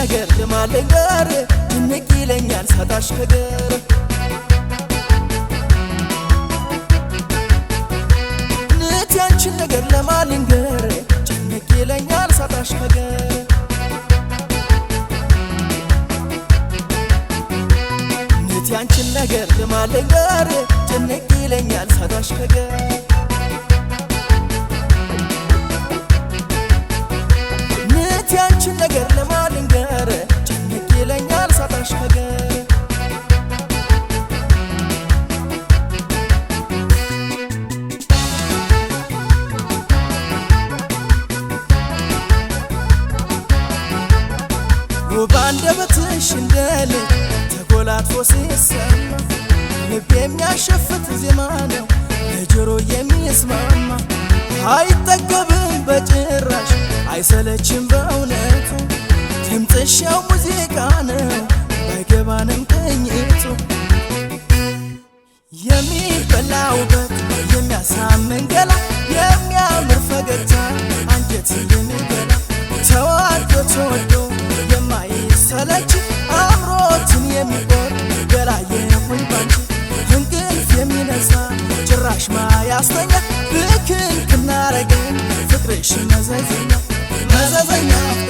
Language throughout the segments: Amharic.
ነገር ልማለኝ ጋር ንቅ ይለኛል ሳጣሽ ነገር ነት ያንቺን ነገር ለማልንገር ጭንቅ ይለኛል ሳጣሽ ነገር ነት ያንቺን ነገር ልማለኝ ጋር ጭንቅ ይለኛል ሳጣሽ ነገር የፍቅራችን ነገር ለማን ልንገር? ጭንቅ ይለኛል ሳጣሽ ነገር ውብ አንደበትሽ እንደ ልብ ተጎላትፎ ሲሰማ ልብ የሚያሸፍት ዜማ ነው ለጆሮ የሚስማማ አይጠገብም በጭራሽ አይሰለችም በእውነቱ ድምፅሻው ሙዚቃ ነው ባይገባንም ቅኝቱ የሚበላውበት የሚያሳምን ገላ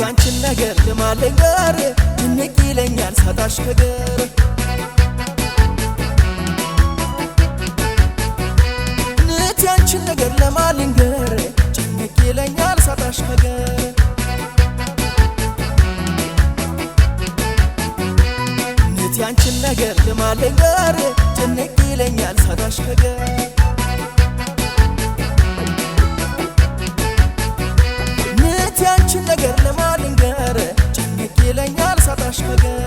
ያንቺን ነገር ልማለኝ ጋር ንቅ ይለኛል ሳጣሽ ነገር ነት ያንቺን ነገር ለማልንገር ጭንቅ ይለኛል ሳጣሽ ነገር ነት ያንቺን ነገር ልማለኝ ጋር ጭንቅ ይለኛል ሳጣሽ ነገር ያንችን ነገር ለማልንገር ጭንቅ ይለኛል ሳጣሽ ነገር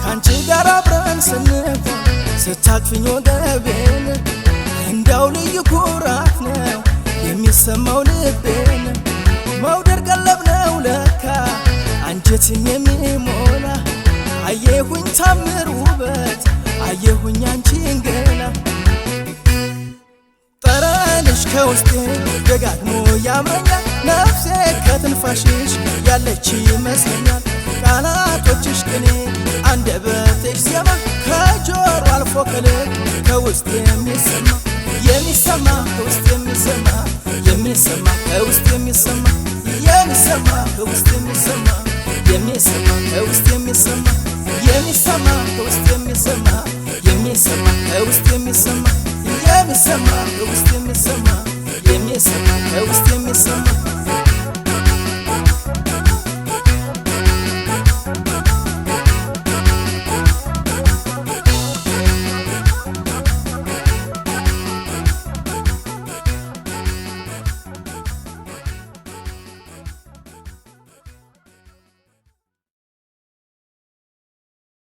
ከአንቺ ጋር አብረን ስንሆን ስታቅፍኝ ወገቤን እንዳው ልዩ ኩራት ነው የሚሰማው ልቤን መውደድ ቀለብ ነው ለካ አንጀትም ታምር ውበት አየሁኝ አንቺን ገና ጠረንሽ ከውስጤ ደጋግሞ ያምረኛል ነፍሴ ከትንፋሽሽ ያለች ይመስለኛል ቃላቶችሽ ቅኔ አንደበትሽ ዜማ ከጆሮ አልፎ ከልብ ከውስጥ የሚሰማ የሚሰማ ከውስጥ የሚሰማ የሚሰማ ከውስጥ የሚሰማ የሚሰማ ከውስጥ የሚሰማ የሚሰማ ከውስጥ የሚሰማ የሚሰማ ከውስጥ የሚሰማ የሚሰማ ከውስጥ የሚሰማ የሚሰማ ከውስጥ የሚሰማ የሚሰማ ከውስጥ የሚሰማ